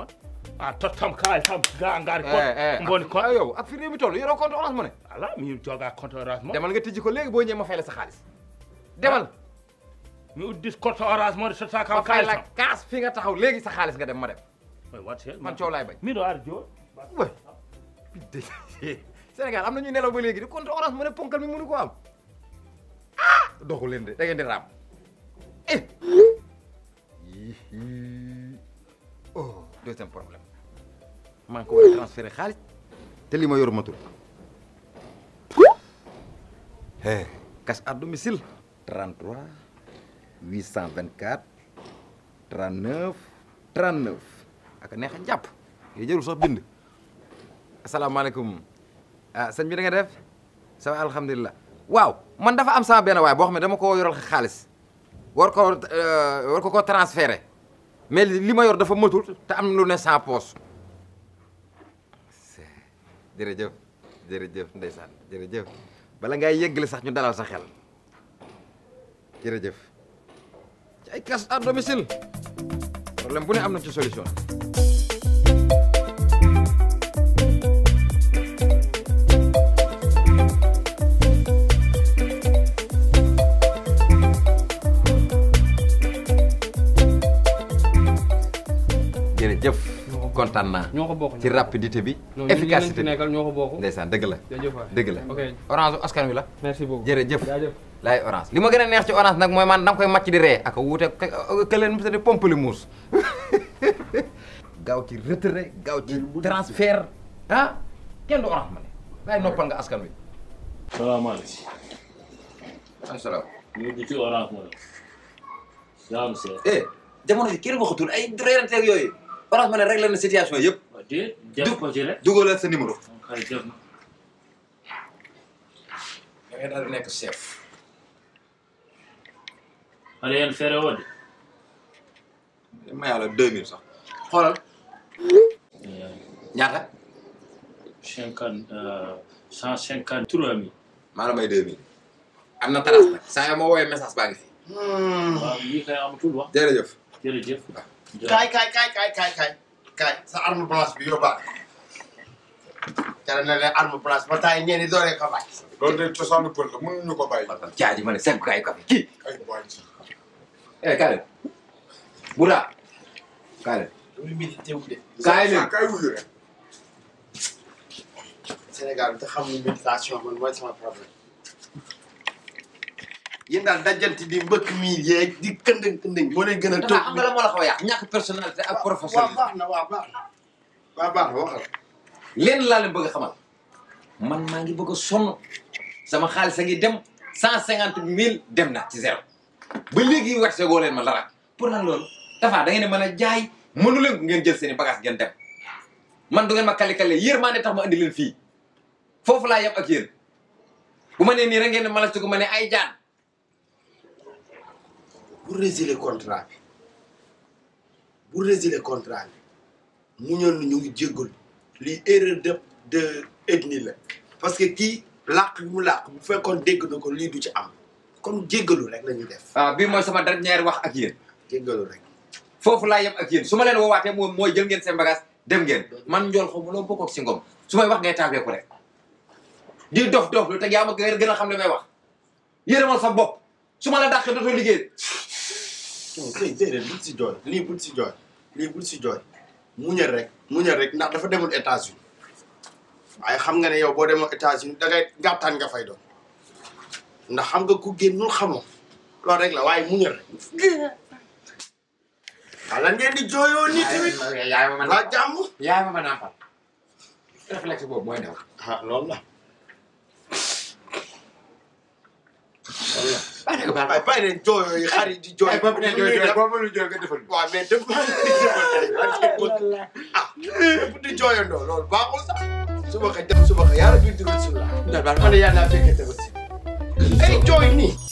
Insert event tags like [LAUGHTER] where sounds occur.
man a ah, tottam kalis tan ga gaari ko boni eh, eh. ko yow ak fi réew mi toll yoroo compte orange mo ne ala demal nga tijji ko léegi boo ma fay la sa xaalis demal ah, mi uddis compte orange mo de sotta kam kalis kaas fi nga taxaw léegi sa xaalis nga dem ma dem way wat man coow [LAUGHS] am na ñuy nelaw ba léegi di compte orange mo ponkal mi mënu ko am ah doxu leen de da ngeen di raam eh deuxième problème maa ngi ko war a transféré xaalis te li ma yor matul cash à domicile 33 824 39 39 ak neex a jàpp yoy jërul sax bind asalaamaaleykum ah sëñ bi da nga def ça va waaw man dafa am sama benn waay boo xam ne dama ko yoral xaalis war ko euh, war ko ko mais li ma yor dafa matul te am lu ne sans poche jërëjëf jërëjëf ndeysaan jërëjëf bala ngay yëggale sax ñu dalal sa xel jërëjëf ci ay casse à domicile problème bu ne am na ci solution jërëjëf kontaan naa ci rapidité bi efficacité bi la dëgg askan wi la merci beaucoup jërëjëf laay li ma gën a neex ci orange nag mooy man danga koy màcc di ree ak wuute këleen mu sa di pamplemousse [LAUGHS] gaaw ci retrait gaaw ci transfert ah kenn du orange ma ne laay noppal nga askan wi Orange Money réglé na situation yëpp. jël ko ci rek dugalal sa numéro. da ngay daal di deux mille sax. xoolal. ñaata. cinquante trois mille. maa la may deux mille. am na taras saa yoo ma woowee message baa ngi fi. waaw kaay kaay kaay kaay kaay kaay sa arme blanche bi yóbbaale tere na leen arme blanche ba taay ñeenti dooree ko bàyyi. loolu de cosaanu pël la mënuñu ko bàyyi. jaaji ma ne sëñ kaay kafe kii. ay boy ci. eh kaay leen. Bouda. kaay leen. lu muy teew de. kaay leen kaay wuyu rek. Sénégal te xam ne méditation man mooy sama problème. yéen daal dajjanti di mbëkk mi yeeg di këndëng këndëng moo leen gën a tënk xam nga la moo ak professeur na waaw baax na waaw baax na bëgg a xamal man maa ngi a sama xaalis a ngi dem cent cinquante mille dem na ci zéro ba léegi werse goo leen ma dara pour lan loolu dafaa da ngeen mën a jaay mënu leen ngeen jël seeni i bagage dem man du ngeen ma kale kale yéer maa ne tax ma andi leen fii foofu laa yem ak yéen bu ma nee nii rek ngeen ne ma la ma ne ay jaan bu résilier contrat bi bu résilier contrat bi mu ñoon ñu ngi jéggul lii erreur de de ethnie la parce que kii làq bi mu làq bu fekkoon dégg na ko lii du ci am kon jéggalu rek la def waaw ah, bii mooy sama dernière wax ak yéen jéggalu rek foofu laa yem ak yéen su ma leen woowaatee moom mooy jël ngeen seen bagage dem ngeen man njool xaw ma loo bokk si ngom su may wax ngay taabee ko rek di dof dof lu te yaa ma gën a xam li may wax yéen sa bopp su ma la dàqee dootoo tey déedéet si jooy lii bul si jooy lii bul si jooy muñal rek muñal rek ndax dafa demul États-Unis waaye xam nga ne yow boo demoon États-Unis dangay nga fay doon ndax xam nga ku génn ñun xamoo loolu rek la waaye muñal rek. waaw ah, lan ngeen di jooyoo nii tamit. yaay ma ma yaay ma ma nampal. réflexe boobu mooy daw. ah loolu la. baal na ko baal leen jooy xar yi di eh, jooy. boobu leen jooy nga defal. waaw mais dëgg baa leen ah di jooyandoo loolu baaxul sax. suba ka jëm suba ka yàlla la. daal baal ma ne yàlla naa fekkee tamit. jooy nii.